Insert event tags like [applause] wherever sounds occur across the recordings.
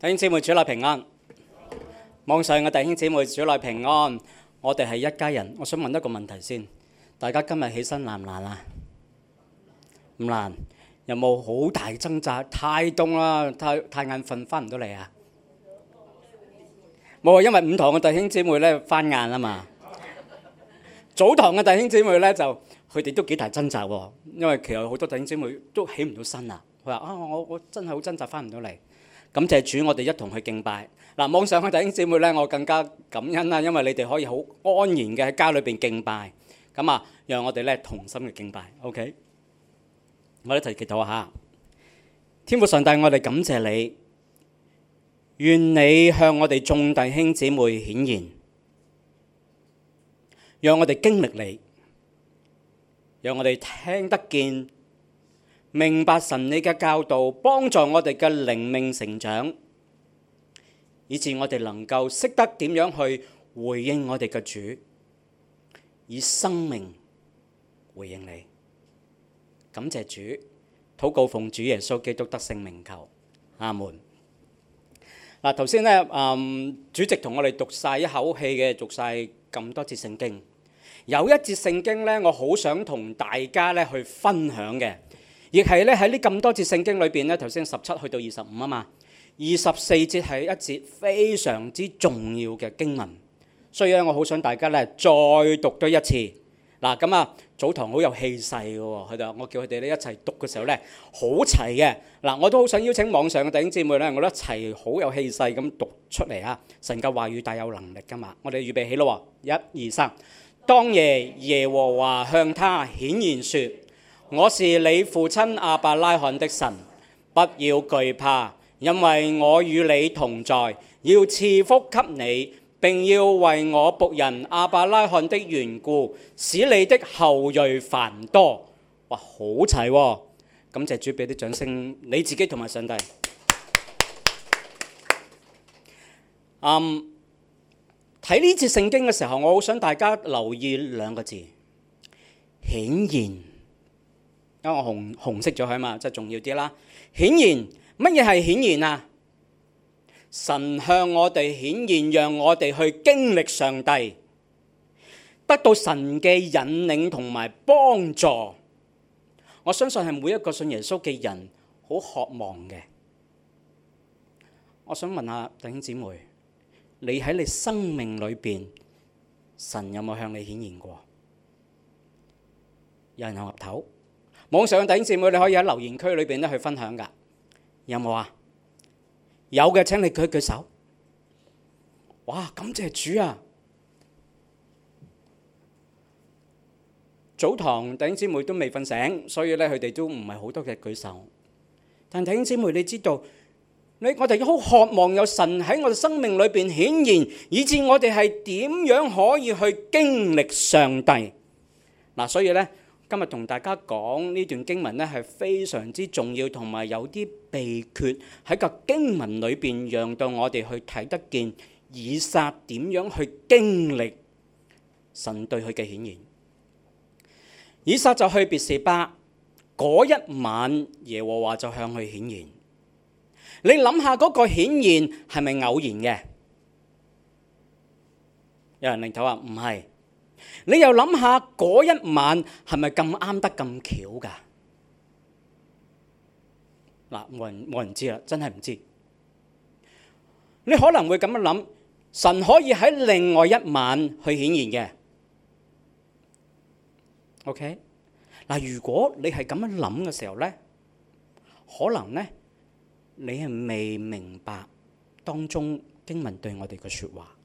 弟兄姊妹主內平安，網上嘅弟兄姊妹主內平安，我哋係一家人。我想問一個問題先，大家今日起身難唔難啊？唔難，有冇好大掙扎？太凍啦，太太眼瞓，翻唔到嚟啊？冇啊，因為五堂嘅弟兄姊妹咧翻晏啊嘛。早堂嘅弟兄姊妹咧，就佢哋都幾大掙扎喎，因為其實好多弟兄姊妹都起唔到身啊。佢話啊，我我真係好掙扎，翻唔到嚟。感謝主，我哋一同去敬拜。嗱，網上嘅弟兄姊妹咧，我更加感恩啦，因為你哋可以好安然嘅喺家裏邊敬拜。咁啊，讓我哋咧同心嘅敬拜。OK，我哋一齊祈禱下。天父上帝，我哋感謝你，願你向我哋眾弟兄姊妹顯現，讓我哋經歷你，讓我哋聽得見。明白神你嘅教導，幫助我哋嘅靈命成長，以致我哋能夠識得點樣去回應我哋嘅主，以生命回應你。感謝主，禱告奉主耶穌基督得勝名求，阿門。嗱，頭先咧，嗯，主席同我哋讀晒一口氣嘅，讀晒咁多節聖經，有一節聖經咧，我好想同大家咧去分享嘅。亦係咧喺呢咁多節聖經裏邊咧，頭先十七去到二十五啊嘛，二十四節係一節非常之重要嘅經文，所以咧我好想大家咧再讀多一次。嗱咁啊，早堂好有氣勢嘅喎，佢就我叫佢哋咧一齊讀嘅時候咧好齊嘅。嗱，我都好想邀請網上嘅弟兄姊妹咧，我都一齊好有氣勢咁讀出嚟啊！神嘅話語大有能力㗎嘛，我哋預備起啦喎，一二三，當夜耶和華向他顯現說。我是你父親亞伯拉罕的神，不要懼怕，因為我與你同在，要賜福給你，並要為我僕人亞伯拉罕的緣故，使你的後裔繁多。哇，好齊喔！感謝主，俾啲掌聲，你自己同埋上帝。嗯，睇呢次聖經嘅時候，我好想大家留意兩個字，顯現。因為我紅紅色咗佢啊嘛，即係重要啲啦。顯然，乜嘢係顯然啊？神向我哋顯現，讓我哋去經歷上帝，得到神嘅引領同埋幫助。我相信係每一個信耶穌嘅人好渴望嘅。我想問下弟兄姊妹，你喺你生命裏邊，神有冇向你顯現過？有人有岌頭。網上弟兄姊妹，你可以喺留言區裏邊咧去分享噶，有冇啊？有嘅，請你舉一舉手。哇！感謝主啊！早堂弟兄姊妹都未瞓醒，所以咧佢哋都唔係好多嘅舉手。但弟兄姊妹，你知道你我哋好渴望有神喺我哋生命裏邊顯現，以至我哋係點樣可以去經歷上帝。嗱，所以咧。今日同大家講呢段經文呢，係非常之重要，同埋有啲秘訣喺個經文裏邊，讓到我哋去睇得見以撒點樣去經歷神對佢嘅顯現。以撒就去別是巴，嗰一晚耶和華就向佢顯現。你諗下嗰個顯現係咪偶然嘅？有人擰頭話，唔係。你又諗下嗰一晚係咪咁啱得咁巧噶？嗱，冇人冇人知啦，真係唔知。你可能會咁樣諗，神可以喺另外一晚去顯現嘅。OK，嗱，如果你係咁樣諗嘅時候咧，可能咧你係未明白當中經文對我哋嘅說話。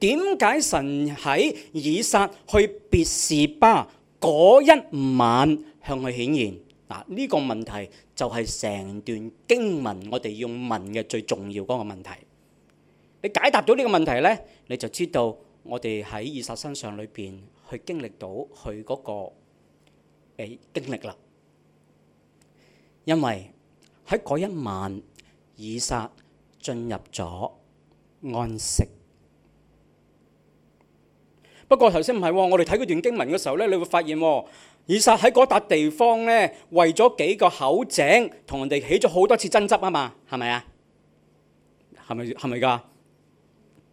點解神喺以撒去別士巴嗰一晚向佢顯現？嗱，呢個問題就係成段經文我哋要問嘅最重要嗰個問題。你解答到呢個問題呢，你就知道我哋喺以撒身上裏邊去經歷到佢嗰、那個嘅、哎、經歷啦。因為喺嗰一晚，以撒進入咗安息。不過頭先唔係喎，我哋睇嗰段經文嘅時候呢，你會發現喎，以撒喺嗰笪地方呢，為咗幾個口井同人哋起咗好多次爭執啊嘛，係咪啊？係咪係咪㗎？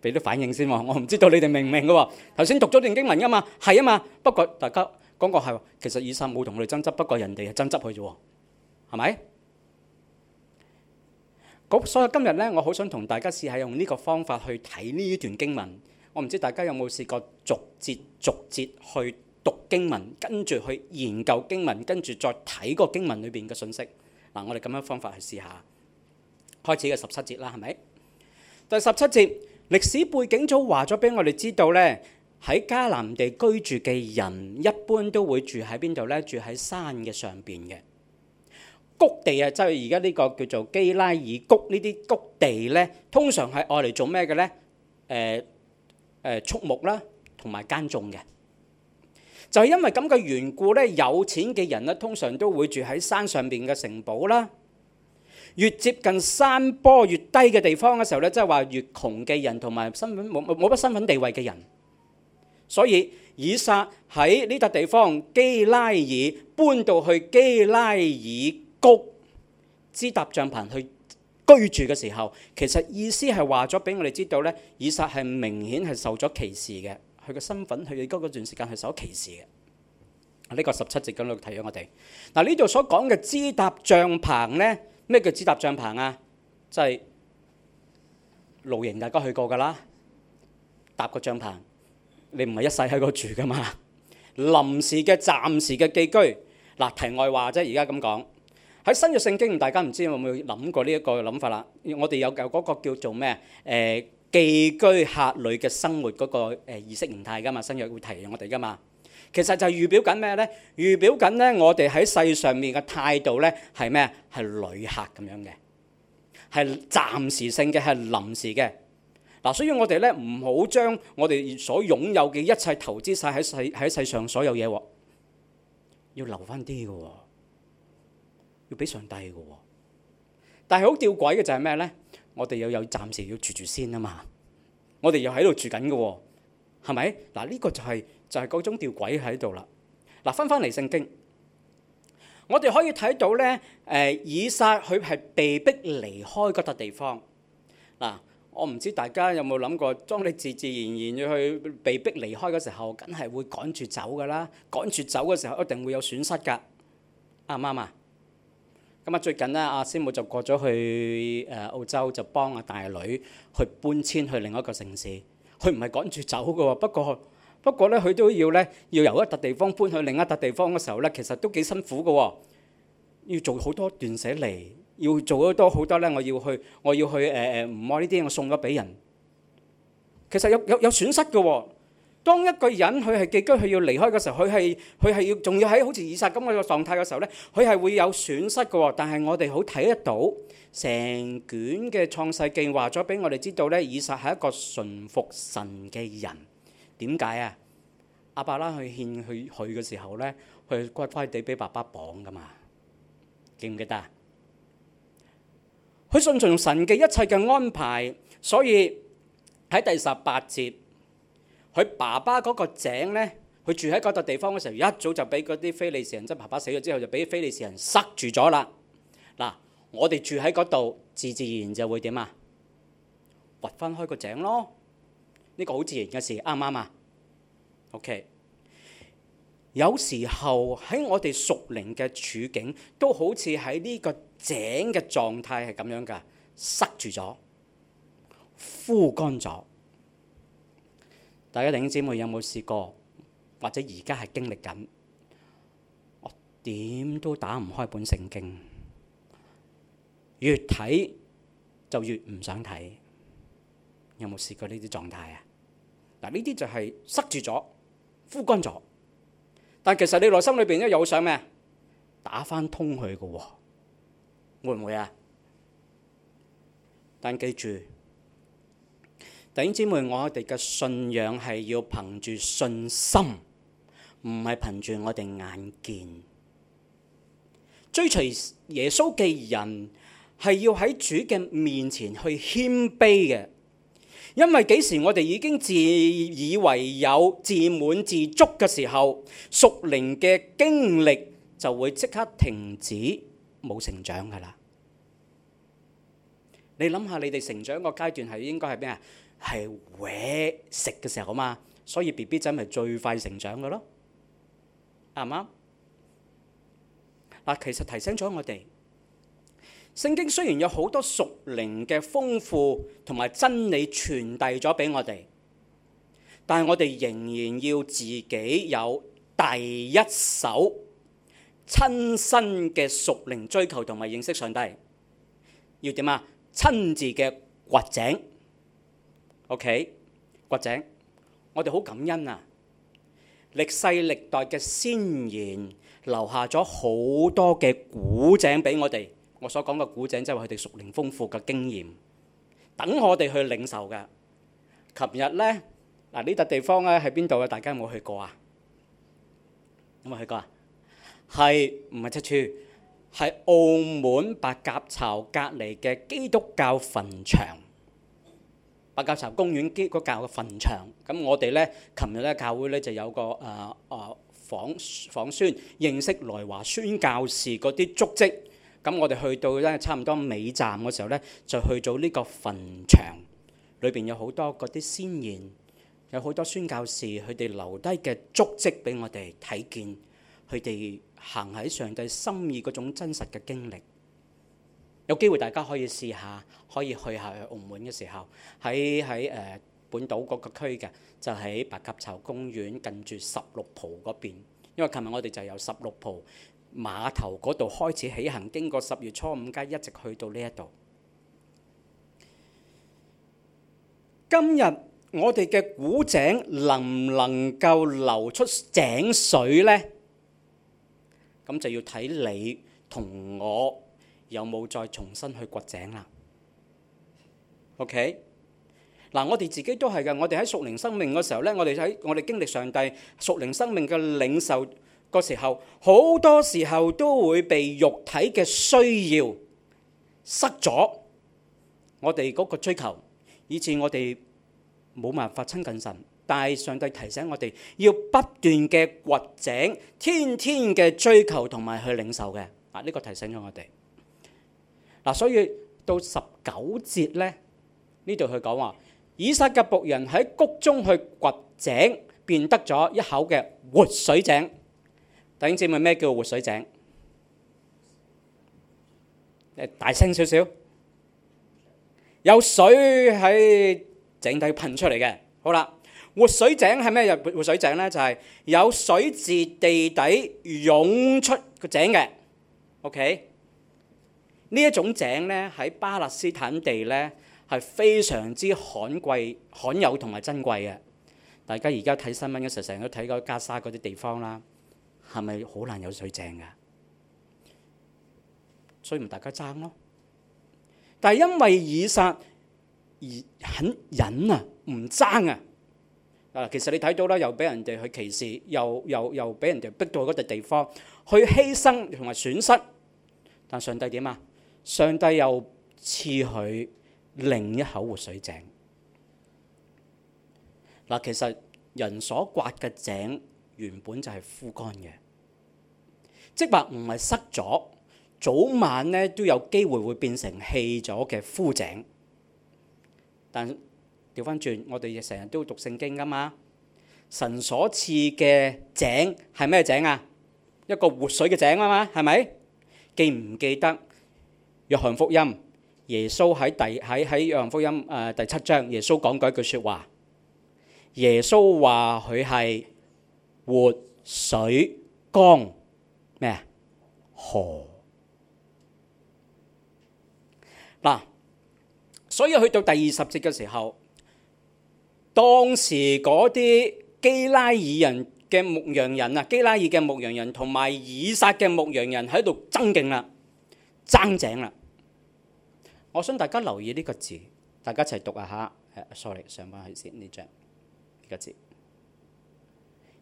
俾啲反應先喎、哦，我唔知道你哋明唔明嘅喎、哦。頭先讀咗段經文啊嘛，係啊嘛。不過大家講過係，其實以撒冇同我哋爭執，不過人哋係爭執佢啫，係咪？咁所以今日呢，我好想同大家試下用呢個方法去睇呢段經文。我唔知大家有冇試過逐節逐節去讀經文，跟住去研究經文，跟住再睇過經文裏邊嘅信息。嗱，我哋咁樣方法去試下。開始嘅十七節啦，係咪？第十七節歷史背景早話咗俾我哋知道呢。喺迦南地居住嘅人一般都會住喺邊度呢？住喺山嘅上邊嘅谷地啊，即係而家呢個叫做基拉爾谷呢啲谷地呢，通常係愛嚟做咩嘅呢？呃誒畜牧啦，同埋耕種嘅，就係因為咁嘅緣故呢，有錢嘅人呢通常都會住喺山上邊嘅城堡啦。越接近山坡越低嘅地方嘅時候呢，即係話越窮嘅人同埋身份冇冇乜身份地位嘅人，所以以撒喺呢笪地方基拉耳搬到去基拉耳谷支搭帳篷去。居住嘅時候，其實意思係話咗俾我哋知道呢，以撒係明顯係受咗歧視嘅，佢個身份，佢嗰段時間係受咗歧視嘅。呢、這個十七節咁樣提咗我哋，嗱呢度所講嘅支搭帳棚呢，咩叫支搭帳棚啊？即係露營，大家去過噶啦，搭個帳棚，你唔係一世喺嗰住噶嘛，臨時嘅、暫時嘅寄居。嗱、啊、題外話啫，而家咁講。喺新約聖經，大家唔知有冇諗過呢一個諗法啦？我哋有有嗰個叫做咩？誒寄居客旅嘅生活嗰個誒意識形態㗎嘛？新約會提我哋㗎嘛？其實就預表緊咩咧？預表緊咧，我哋喺世上面嘅態度咧係咩？係旅客咁樣嘅，係暫時性嘅，係臨時嘅。嗱，所以我哋咧，唔好將我哋所擁有嘅一切投資晒喺世喺世上所有嘢喎，要留返啲㗎喎。要俾上帝嘅，但係好吊詭嘅就係咩呢？我哋又有暫時要住住先啊嘛！我哋又喺度住緊嘅，係咪？嗱，呢個就係就係嗰種吊詭喺度啦。嗱，翻返嚟聖經，我哋可以睇到呢，誒，以撒佢係被逼離開嗰笪地方。嗱，我唔知大家有冇諗過，當你自自然然要去被逼離開嘅時候，梗係會趕住走噶啦，趕住走嘅時候一定會有損失噶，啱唔啱啊？咁啊，最近咧，阿師母就過咗去誒澳洲，就幫阿大女去搬遷去另一個城市。佢唔係趕住走㗎喎，不過不過咧，佢都要咧要由一笪地方搬去另一笪地方嘅時候咧，其實都幾辛苦㗎喎。要做好多斷捨離，要做得多好多咧，我要去我要去誒誒唔愛呢啲，我送咗俾人。其實有有有損失㗎喎。當一個人佢係寄居佢要離開嘅時候，佢係佢係要仲要喺好似以撒咁嘅狀態嘅時候呢，佢係會有損失嘅。但係我哋好睇得到，成卷嘅創世記話咗俾我哋知道呢，以撒係一個順服神嘅人。點解啊？亞伯拉去獻去佢嘅時候呢，佢乖乖地俾爸爸綁㗎嘛。記唔記得啊？佢順從神嘅一切嘅安排，所以喺第十八節。佢爸爸嗰個井呢，佢住喺嗰個地方嘅時候，一早就俾嗰啲非利士人，即係爸爸死咗之後，就俾非利士人塞住咗啦。嗱，我哋住喺嗰度，自自然然就會點啊？掘翻開個井咯，呢、這個好自然嘅事，啱唔啱啊？OK，有時候喺我哋屬靈嘅處境，都好似喺呢個井嘅狀態係咁樣㗎，塞住咗，枯乾咗。大家弟兄姊妹有冇試過，或者而家係經歷緊，我點都打唔開本聖經，越睇就越唔想睇。有冇試過呢啲狀態啊？嗱，呢啲就係塞住咗、枯乾咗。但其實你內心裏邊咧有想咩？打翻通佢嘅喎，會唔會啊？但記住。弟兄姊妹，我哋嘅信仰係要憑住信心，唔係憑住我哋眼見。追隨耶穌嘅人係要喺主嘅面前去謙卑嘅，因為幾時我哋已經自以為有、自滿自足嘅時候，屬靈嘅經歷就會即刻停止、冇成長噶啦。你諗下，你哋成長個階段係應該係咩啊？係餵食嘅時候啊嘛，所以 B B 仔咪最快成長嘅咯，啱唔啱？嗱，其實提醒咗我哋聖經雖然有好多屬靈嘅豐富同埋真理傳遞咗俾我哋，但係我哋仍然要自己有第一手親身嘅屬靈追求同埋認識上帝，要點啊？親自嘅掘井。OK，掘井，我哋好感恩啊！歷世歷代嘅先賢留下咗好多嘅古井俾我哋。我所講嘅古井，即係佢哋熟練豐富嘅經驗，等我哋去領受㗎。琴日咧，嗱，呢笪地方咧喺邊度啊？大家有冇去過啊？有冇去過啊？係唔係七處？係澳門白鴿巢隔離嘅基督教墳場。白鴿巢公園基督教嘅墳場，咁我哋咧，琴日咧教會咧就有個誒誒訪訪宣認識來華宣教士嗰啲足跡，咁我哋去到咧差唔多尾站嘅時候咧，就去到呢個墳場，裏邊有好多嗰啲先賢，有好多宣教士佢哋留低嘅足跡俾我哋睇見，佢哋行喺上帝心意嗰種真實嘅經歷。有機會大家可以試下，可以去下澳門嘅時候，喺喺誒本島嗰個區嘅，就喺白鴿巢公園近住十六浦嗰邊。因為琴日我哋就由十六浦碼頭嗰度開始起行，經過十月初五街，一直去到呢一度。今日我哋嘅古井能唔能夠流出井水呢？咁就要睇你同我。有冇再重新去掘井啦？OK 嗱，我哋自己都係嘅。我哋喺屬靈生命嘅時候呢，我哋喺我哋經歷上帝屬靈生命嘅領受嗰時候，好多時候都會被肉體嘅需要塞咗我哋嗰個追求。以至我哋冇辦法親近神，但係上帝提醒我哋要不斷嘅掘井，天天嘅追求同埋去領受嘅啊！呢個提醒咗我哋。嗱，所以到十九節咧，呢度去講話，以撒嘅僕人喺谷中去掘井，變得咗一口嘅活水井。等陣先問咩叫活水井，大聲少少，有水喺井底噴出嚟嘅。好啦，活水井係咩活水井咧？就係、是、有水自地底湧出個井嘅。OK。呢一種井咧，喺巴勒斯坦地咧係非常之罕貴、罕有同埋珍貴嘅。大家而家睇新聞嘅時候，成日都睇過加沙嗰啲地方啦，係咪好難有水井㗎？所以咪大家爭咯。但係因為以撒而肯忍啊，唔爭啊。啊，其實你睇到啦，又俾人哋去歧視，又又又俾人哋逼到去嗰笪地方，去犧牲同埋損失。但上帝點啊？上帝又賜佢另一口活水井嗱，其實人所掘嘅井原本就係枯乾嘅，即係話唔係塞咗，早晚咧都有機會會變成棄咗嘅枯井。但掉返轉，我哋成日都讀聖經㗎嘛，神所賜嘅井係咩井啊？一個活水嘅井啊嘛，係咪，記唔記得？約翰福音，耶穌喺第喺喺約翰福音誒第七章，耶穌講過一句説話。耶穌話佢係活水江咩啊河，嗱，所以去到第二十節嘅時候，當時嗰啲基拉耳人嘅牧羊人啊，基拉耳嘅牧羊人同埋以撒嘅牧羊人喺度爭競啦。爭井啦！我想大家留意呢個字，大家一齊讀一下嚇。sorry，上翻去先呢張呢個字，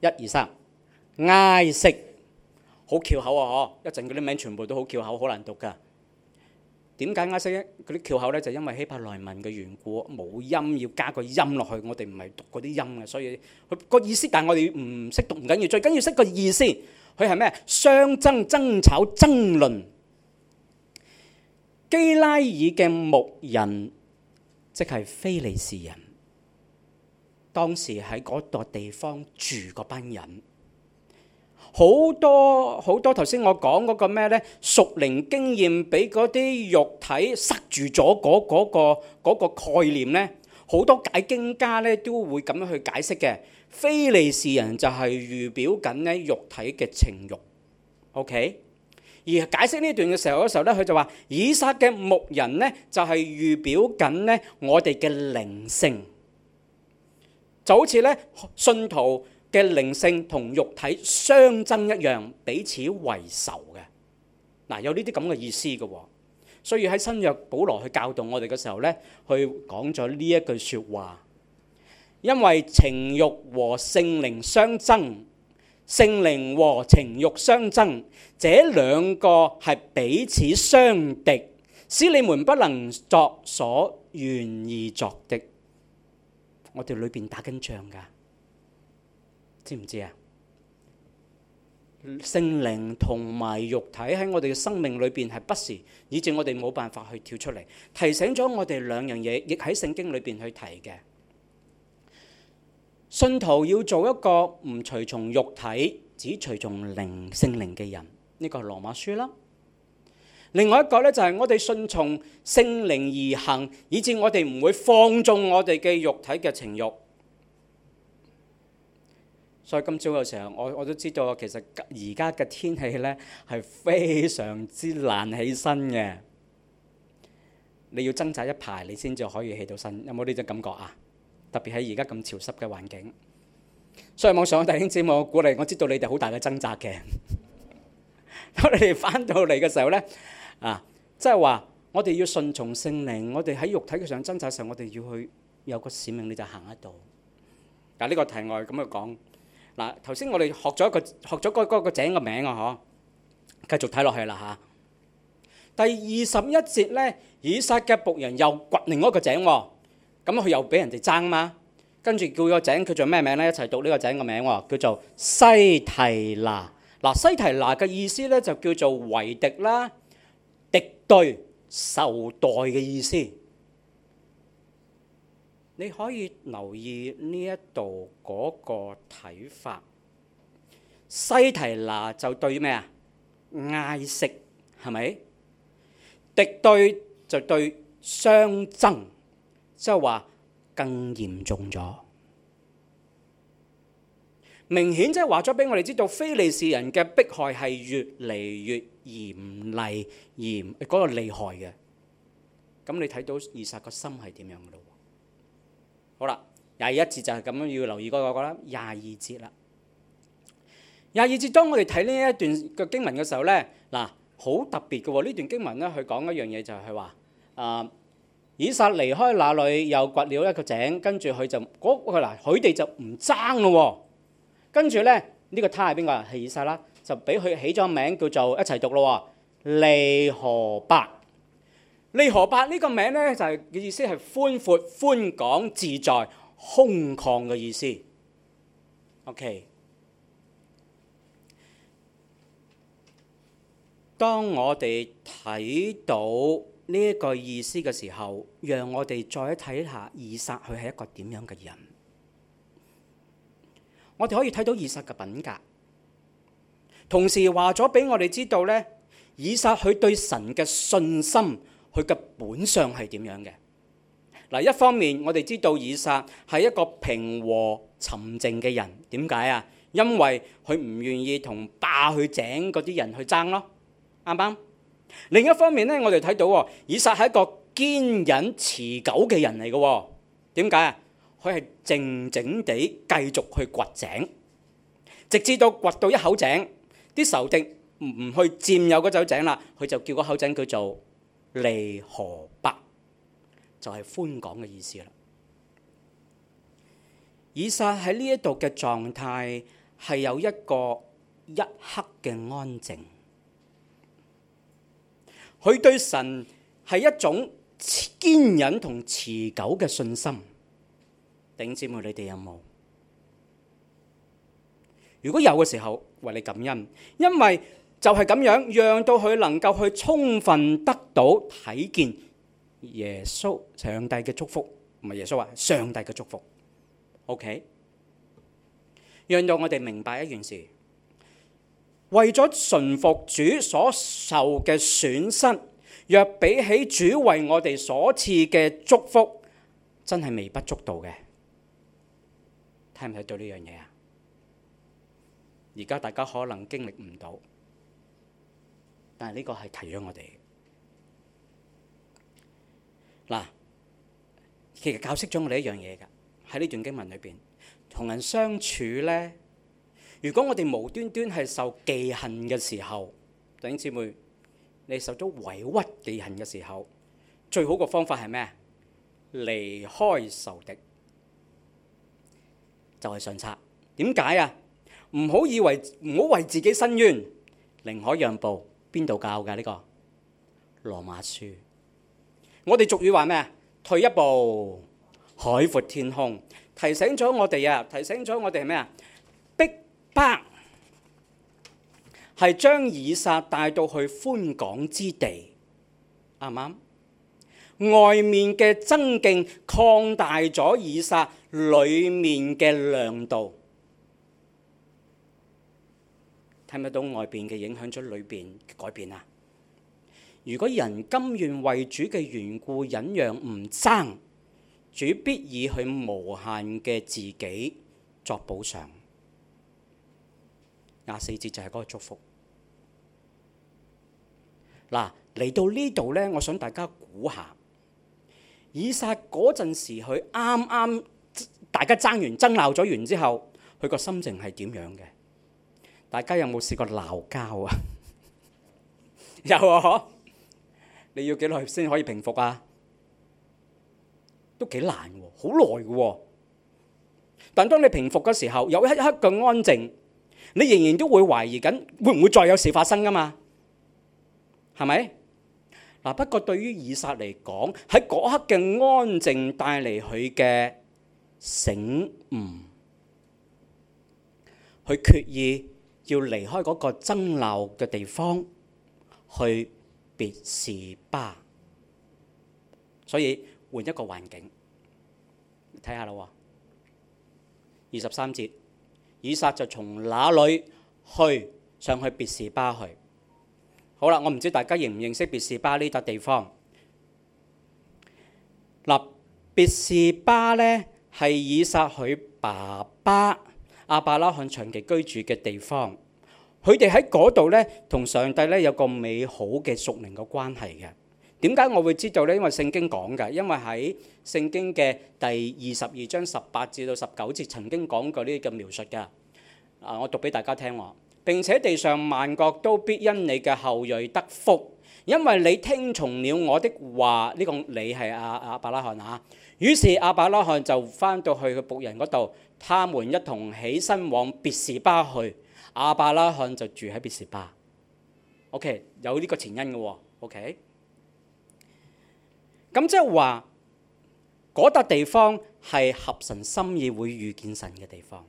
一二三，埃色好翹口啊！嗬、哦，一陣嗰啲名全部都好翹口，好難讀噶。點解埃色咧？嗰啲翹口呢，就是、因為希伯來文嘅緣故，冇音要加個音落去。我哋唔係讀嗰啲音嘅，所以佢、嗰個意思，但係我哋唔識讀唔緊要，最緊，緊要識個意思。佢係咩？相爭、爭吵、爭論。基拉爾嘅牧人，即係非利士人，當時喺嗰度地方住嗰班人，好多好多頭先我講嗰個咩呢？屬靈經驗俾嗰啲肉體塞住咗嗰嗰個、嗰個概念呢。好多解經家呢都會咁樣去解釋嘅。非利士人就係預表緊咧肉體嘅情慾，OK。而解釋呢段嘅時候嗰時候咧，佢就話以撒嘅牧人咧，就係預表緊咧我哋嘅靈性，就好似咧信徒嘅靈性同肉體相爭一樣，彼此為仇嘅。嗱，有呢啲咁嘅意思嘅喎，所以喺新約保羅去教導我哋嘅時候咧，去講咗呢一句説話，因為情慾和聖靈相爭。聖靈和情欲相爭，這兩個係彼此相敵，使你們不能作所願意作的。我哋裏邊打緊仗噶，知唔知啊？聖靈同埋肉體喺我哋嘅生命裏邊係不時，以至我哋冇辦法去跳出嚟。提醒咗我哋兩樣嘢，亦喺聖經裏邊去提嘅。信徒要做一個唔隨從肉體，只隨從靈、聖靈嘅人。呢、這個係羅馬書啦。另外一個呢，就係我哋信從聖靈而行，以致我哋唔會放縱我哋嘅肉體嘅情慾。所以今朝嘅時候，我我都知道其實而家嘅天氣呢係非常之難起身嘅。你要掙扎一排，你先至可以起到身。有冇呢種感覺啊？特別係而家咁潮濕嘅環境，所以網上嘅弟兄姊妹，我鼓勵我知道你哋好大嘅掙扎嘅。 [laughs] 當你哋翻到嚟嘅時候咧，啊，即係話我哋要順從聖靈，我哋喺肉體嘅上掙扎嘅時候，我哋要去有個使命，你就行得到。嗱、啊，呢、呢個題外咁樣講。嗱、啊，頭先我哋學咗一個學咗嗰嗰個井嘅名啊，嗬。繼續睇落去啦嚇、啊。第二十一節咧，以撒嘅僕人又掘另外一個井喎、啊。咁佢又俾人哋爭嘛？跟住叫個井，佢做咩名咧？一齊讀呢個井嘅名喎，叫做西提拿嗱。西提拿嘅意思咧就叫做為敵啦，敵對、受待嘅意思。你可以留意呢一度嗰個睇法，西提拿就對咩啊？埃色，係咪？敵對就對相爭。即係話更嚴重咗，明顯即係話咗俾我哋知道，非利士人嘅迫害係越嚟越嚴厲、嚴嗰個厲害嘅。咁你睇到以撒個心係點樣嘅咯？好啦，廿一節就係咁樣要留意嗰個啦。廿二節啦，廿二節當我哋睇呢一段嘅經文嘅時候咧，嗱好特別㗎喎，呢段經文咧，佢講一樣嘢就係佢話啊。以撒離開那裏，又掘了一個井，跟住佢就嗰嗱，佢、那、哋、個、就唔爭咯喎、哦。跟住呢，呢、這個他係邊個啊？係以撒啦，就俾佢起咗名叫做一齊讀咯喎、哦，利河伯。利河伯呢個名呢，就係、是、嘅意思係寬闊、寬廣、自在、空曠嘅意思。OK。當我哋睇到。呢一句意思嘅時候，讓我哋再睇下以撒佢係一個點樣嘅人。我哋可以睇到以撒嘅品格，同時話咗俾我哋知道呢，以撒佢對神嘅信心，佢嘅本相係點樣嘅。嗱，一方面我哋知道以撒係一個平和沉靜嘅人，點解啊？因為佢唔願意同霸去井嗰啲人去爭咯，啱唔啱？另一方面呢，我哋睇到，哦，以撒係一個堅忍持久嘅人嚟嘅，哦，點解啊？佢係靜靜地繼續去掘井，直至到掘到一口井，啲仇敵唔唔去佔有嗰口井啦，佢就叫嗰口井叫做利河伯，就係寬廣嘅意思啦。以撒喺呢一度嘅狀態係有一個一刻嘅安靜。佢對神係一種堅忍同持久嘅信心，頂姊妹你哋有冇？如果有嘅時候為你感恩，因為就係咁樣，讓到佢能夠去充分得到睇見耶穌上帝嘅祝福，唔係耶穌話，上帝嘅祝福。O.K. 讓到我哋明白一件事。為咗順服主所受嘅損失，若比起主為我哋所賜嘅祝福，真係微不足道嘅。睇唔睇到呢樣嘢啊？而家大家可能經歷唔到，但係呢個係提咗我哋。嗱，其實教識咗我哋一樣嘢噶，喺呢段經文裏邊，同人相處咧。如果我哋無端端係受忌恨嘅時候，弟兄姊妹，你受咗委屈忌恨嘅時候，最好嘅方法係咩？離開仇敵，就係上策。點解啊？唔好以為唔好為自己申冤，寧可讓步。邊度教㗎呢個？羅馬書。我哋俗語話咩？退一步，海闊天空。提醒咗我哋啊！提醒咗我哋係咩啊？北係將以撒帶到去寬廣之地，啱唔啱？外面嘅增勁擴大咗，以撒裏面嘅亮度，睇唔睇到外邊嘅影響咗裏邊嘅改變啊？如果人甘願為主嘅緣故忍讓唔爭，主必以佢無限嘅自己作補償。廿四節就係嗰個祝福。嗱，嚟到呢度咧，我想大家估下，以撒嗰陣時，佢啱啱大家爭完爭鬧咗完之後，佢個心情係點樣嘅？大家有冇試過鬧交啊？有啊，嗬！你要幾耐先可以平復啊？都幾難喎，好耐嘅喎。但當你平復嘅時候，有一刻嘅安靜。你仍然都會懷疑緊，會唔會再有事發生㗎嘛？係咪？嗱，不過對於以撒嚟講，喺嗰刻嘅安靜帶嚟佢嘅醒悟，佢決意要離開嗰個爭鬧嘅地方，去別是巴。所以換一個環境，睇下咯喎，二十三節。以撒就從那裏去，上去別是巴去，好啦，我唔知大家認唔認識別是巴呢笪地方？嗱，別是巴咧係以撒佢爸爸阿伯拉罕長期居住嘅地方，佢哋喺嗰度咧同上帝咧有個美好嘅屬靈嘅關係嘅。點解我會知道呢？因為聖經講嘅，因為喺聖經嘅第二十二章十八至到十九節曾經講過呢啲咁描述嘅。啊，我讀俾大家聽喎。並且地上萬國都必因你嘅後裔得福，因為你聽從了我的話。呢個你係亞亞伯拉罕啊。於是亞伯拉罕就返到去佢僕人嗰度，他們一同起身往別是巴去。亞伯拉罕就住喺別是巴。OK，有呢個前因嘅喎。OK。咁即係話嗰笪地方係合神心意會遇見神嘅地方，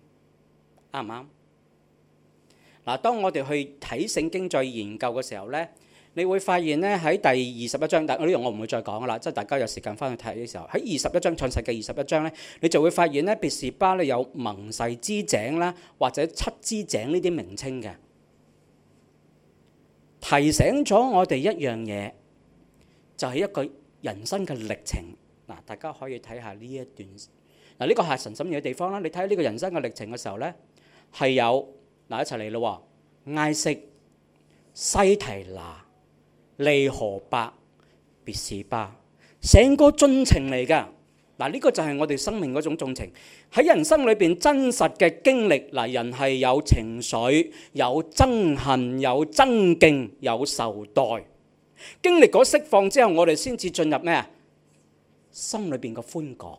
啱唔啱？嗱，當我哋去睇聖經再研究嘅時候呢，你會發現呢，喺第二十一章，但呢樣我唔會再講噶啦，即係大家有時間翻去睇嘅時候，喺二十一章創世記二十一章呢，你就會發現呢，別是巴咧有盟誓之井啦，或者七之井呢啲名稱嘅，提醒咗我哋一樣嘢，就係、是、一句。人生嘅歷程，嗱，大家可以睇下呢一段，嗱呢個係神審驗嘅地方啦。你睇下呢個人生嘅歷程嘅時候咧，係有嗱一齊嚟咯喎，埃色西提拿利河伯別是巴，成個進程嚟嘅。嗱呢個就係我哋生命嗰種進程喺人生裏邊真實嘅經歷。嗱人係有情緒、有憎恨、有憎敬、有受待。經歷過釋放之後，我哋先至進入咩啊？心裏邊嘅寬廣，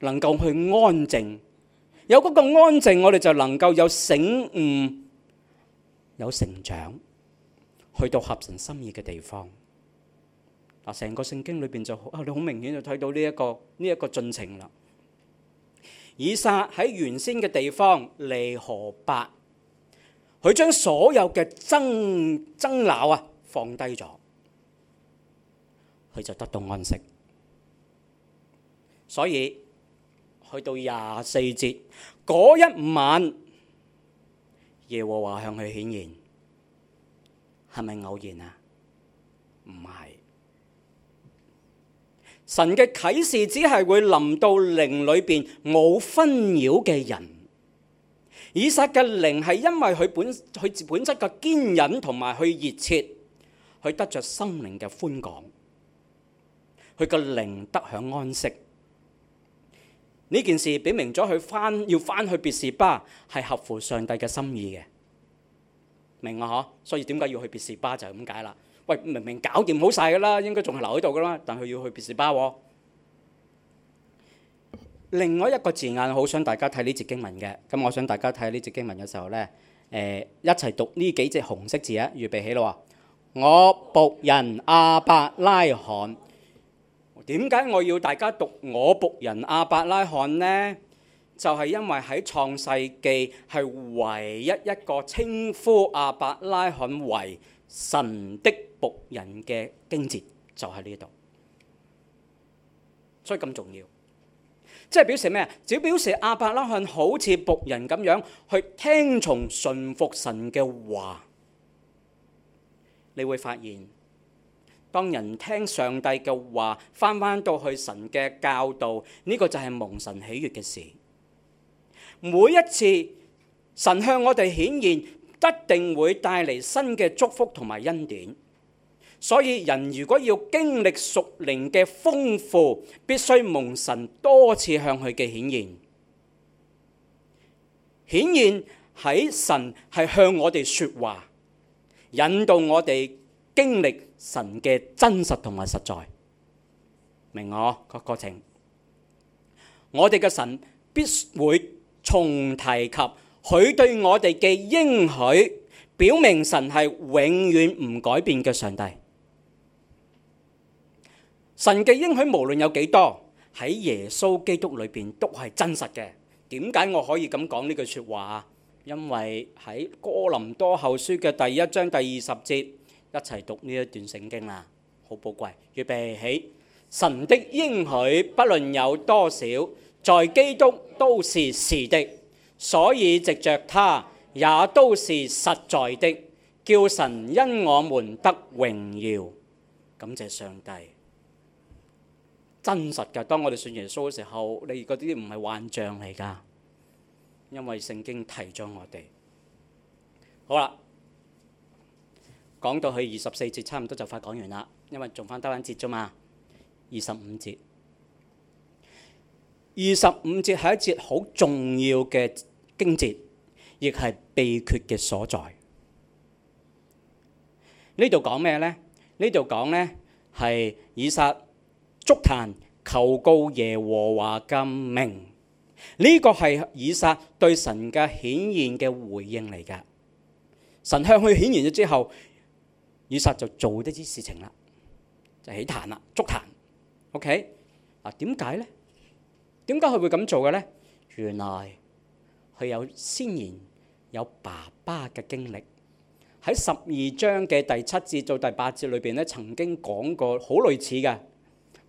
能夠去安靜，有嗰個安靜，我哋就能夠有醒悟，有成長，去到合神心意嘅地方。嗱，成個聖經裏邊就好，你好明顯就睇到呢一個呢一個進程啦。以撒喺原先嘅地方利河伯，佢將所有嘅爭爭鬧啊，放低咗，佢就得到安息。所以去到廿四節嗰一晚，耶和華向佢顯現，係咪偶然啊？唔係。神嘅啟示只係會臨到靈裏邊冇紛擾嘅人。以撒嘅靈係因為佢本佢本質嘅堅忍同埋佢熱切。佢得著心靈嘅寬廣，佢個靈得享安息。呢件事表明咗佢翻要翻去別是巴係合乎上帝嘅心意嘅，明啊？嗬，所以點解要去別是巴就係咁解啦。喂，明明搞掂好曬噶啦，應該仲係留喺度噶啦，但佢要去別是巴喎。另外一個字眼，好想大家睇呢節經文嘅咁，我想大家睇呢節經文嘅時候咧，誒一齊讀呢幾隻紅色字啊，預備起啦喎。我僕人亞伯拉罕，點解我要大家讀我僕人亞伯拉罕呢？就係因為喺創世記係唯一一個稱呼亞伯拉罕為神的僕人嘅經節，就喺呢度，所以咁重要。即係表示咩？只表示亞伯拉罕好似僕人咁樣去聽從信服神嘅話。你會發現，當人聽上帝嘅話，翻返到去神嘅教導，呢個就係蒙神喜悅嘅事。每一次神向我哋顯現，一定會帶嚟新嘅祝福同埋恩典。所以人如果要經歷屬靈嘅豐富，必須蒙神多次向佢嘅顯現。顯現喺神係向我哋說話。引導我哋經歷神嘅真實同埋實在，明我個過程。我哋嘅神必會重提及佢對我哋嘅應許，表明神係永遠唔改變嘅上帝。神嘅應許無論有幾多，喺耶穌基督裏邊都係真實嘅。點解我可以咁講呢句說話啊？因為喺哥林多後書嘅第一章第二十節，一齊讀呢一段聖經啦，好寶貴。預備起，神的應許不論有多少，在基督都是是的，所以藉著他也都是實在的，叫神因我們得榮耀。感謝上帝，真實㗎。當我哋信耶穌嘅時候，你覺得呢啲唔係幻象嚟㗎。因為聖經提咗我哋，好啦，講到去二十四節差唔多就快講完啦，因為仲翻得翻節啫嘛。二十五節，二十五節係一節好重要嘅經節，亦係秘訣嘅所在。呢度講咩呢？講呢度講呢係以撒築壇求告耶和華嘅名。呢個係以撒對神嘅顯現嘅回應嚟㗎，神向佢顯現咗之後，以撒就做一啲事情啦，就起壇啦，築壇。O、okay? K，啊，點解呢？點解佢會咁做嘅呢？原來佢有先言，有爸爸嘅經歷。喺十二章嘅第七節到第八節裏邊咧，曾經講過好類似嘅。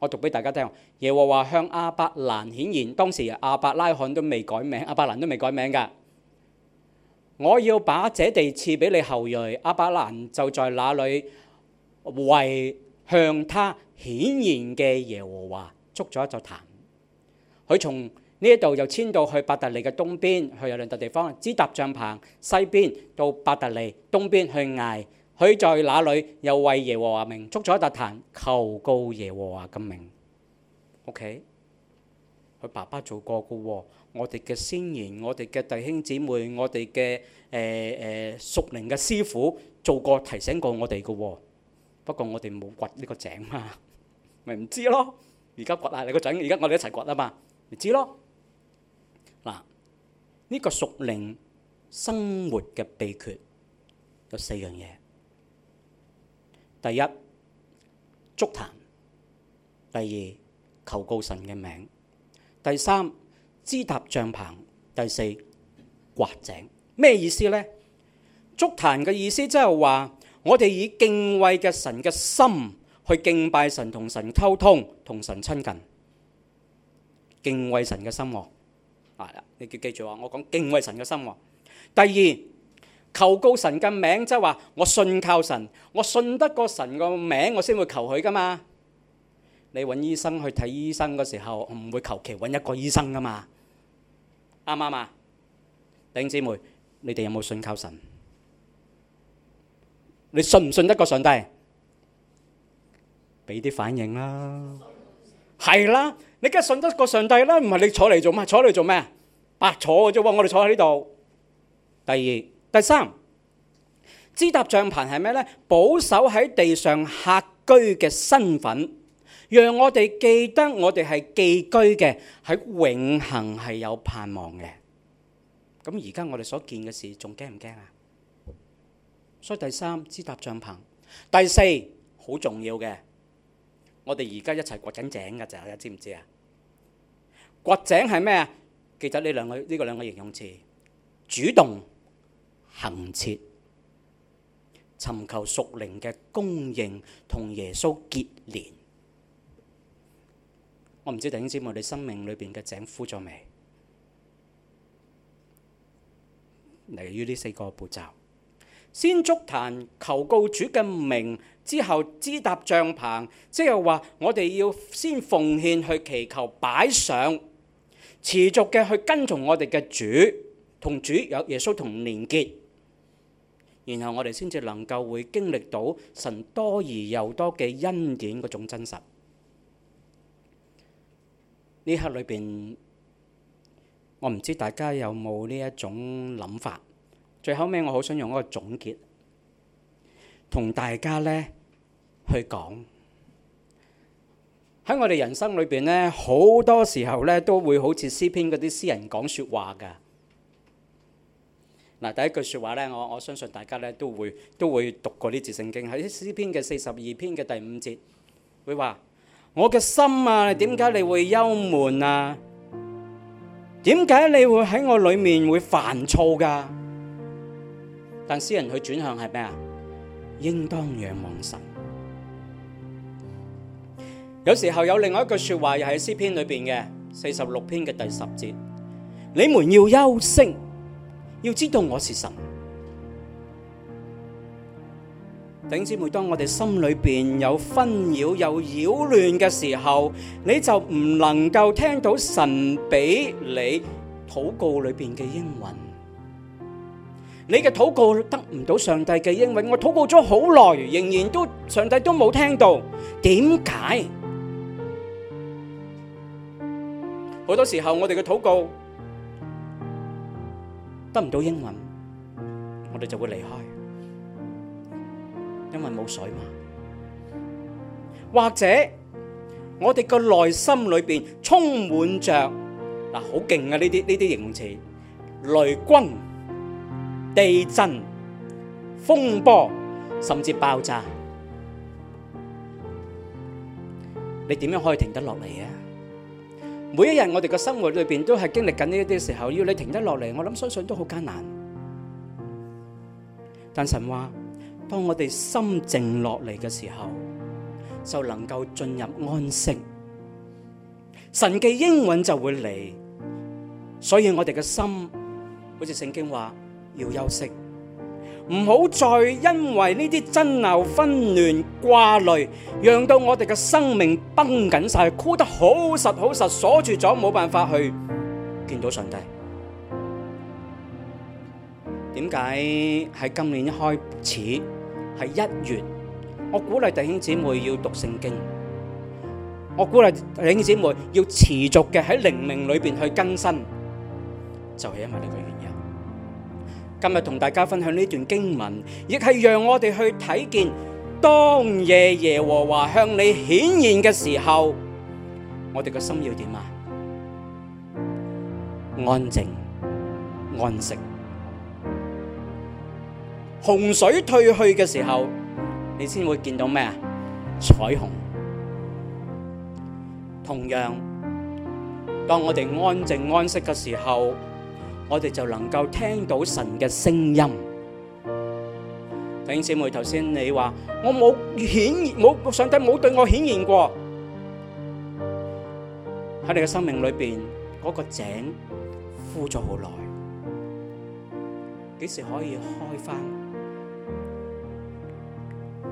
我讀俾大家聽，耶和華向亞伯蘭顯現，當時亞伯拉罕都未改名，亞伯蘭都未改名㗎。我要把這地賜俾你後裔，亞伯蘭就在那裡為向他顯現嘅耶和華築咗一座壇。佢從呢度又遷到去伯特利嘅東邊，去有兩笪地方，支搭帳棚，西邊到伯特利東邊去捱。佢在那裡又為耶和華名築咗一座壇，求告耶和華嘅名。OK，佢爸爸做過嘅喎，我哋嘅先賢、我哋嘅弟兄姊妹、我哋嘅誒誒屬靈嘅師傅做過提醒過我哋嘅喎。不過我哋冇掘呢個井嘛，咪唔知咯。而家掘下，你個井，而家我哋一齊掘啊嘛，咪知咯。嗱，呢個屬靈生活嘅秘訣有四樣嘢。第一，築壇；第二，求告神嘅名；第三，支搭帳篷；第四，掘井。咩意思呢？築壇嘅意思即係話，我哋以敬畏嘅神嘅心去敬拜神，同神溝通，同神親近，敬畏神嘅心喎、哦。係啦、啊，你叫記住啊，我講敬畏神嘅心喎、哦。第二。求告神嘅名，即係話我信靠神，我信得過神個名，我先會求佢噶嘛。你揾醫生去睇醫生嘅時候，我唔會求其揾一個醫生噶嘛，啱唔啱啊？弟兄姐妹，你哋有冇信靠神？你信唔信得過上帝？俾啲反應啦，係啦， [laughs] 你梗係信得過上帝啦，唔係你坐嚟做咩？坐嚟做咩？白坐嘅啫喎，我哋坐喺呢度。第二。第三，支搭帳篷係咩呢？保守喺地上客居嘅身份，讓我哋記得我哋係寄居嘅，喺永恆係有盼望嘅。咁而家我哋所見嘅事仲驚唔驚啊？所以第三，支搭帳篷，第四，好重要嘅。我哋而家一齊掘緊井㗎咋，知唔知啊？掘井係咩啊？記得呢兩個呢個兩個形容詞，主動。行切，尋求屬靈嘅供應，同耶穌結連。我唔知弟兄姊妹，你生命裏邊嘅井枯咗未？嚟於呢四個步驟：先築壇求告主嘅名，之後支搭帳棚，即係話我哋要先奉獻去祈求擺上，持續嘅去跟從我哋嘅主，同主有耶穌同連結。然後我哋先至能夠會經歷到神多而又多嘅恩典嗰種真實。呢刻裏邊，我唔知大家有冇呢一種諗法？最後尾我好想用一個總結，同大家呢去講。喺我哋人生裏邊呢，好多時候呢都會好似詩篇嗰啲詩人講說話㗎。嗱，第一句説話咧，我我相信大家咧都會都會讀過呢節聖經喺詩篇嘅四十二篇嘅第五節，會話我嘅心啊，點解你會憂悶啊？點解你會喺我裏面會煩躁噶？但詩人佢轉向係咩啊？應當仰望神。有時候有另外一句説話又喺詩篇裏邊嘅四十六篇嘅第十節，你們要休息。要知道我是神。總之每當我哋心裏邊有紛擾、有擾亂嘅時候，你就唔能夠聽到神俾你禱告裏邊嘅應允。你嘅禱告得唔到上帝嘅應允，我禱告咗好耐，仍然都上帝都冇聽到，點解？好多時候我哋嘅禱告。得唔到英文，我哋就會離開，因為冇水嘛。或者我哋個內心裏邊充滿着嗱，好勁啊！呢啲呢啲形容詞：雷轟、地震、風波，甚至爆炸，你點樣可以停得落嚟啊？每一日我哋嘅生活裏邊都係經歷緊呢一啲時候，要你停得落嚟，我諗相信都好艱難。但神話當我哋心靜落嚟嘅時候，就能夠進入安息，神嘅應允就會嚟。所以我哋嘅心，好似聖經話要休息。唔好再因為呢啲爭拗紛亂掛慮，讓到我哋嘅生命繃緊晒，箍得好實好實，鎖住咗，冇辦法去見到上帝。點解喺今年一開始係一月，我鼓勵弟兄姊妹要讀聖經，我鼓勵弟兄姊妹要持續嘅喺靈命裏邊去更新，就係因為呢個。今日同大家分享呢段經文，亦係讓我哋去睇見，當夜耶和華向你顯現嘅時候，我哋個心要點啊？安靜、安息。洪水退去嘅時候，你先會見到咩啊？彩虹。同樣，當我哋安靜安息嘅時候。我哋就能夠聽到神嘅聲音。弟兄姊妹，頭先你話我冇顯現，我上帝冇對我顯現過。喺你嘅生命裏邊，嗰個井枯咗好耐，幾時可以開返？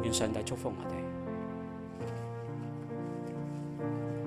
願上帝祝福我哋。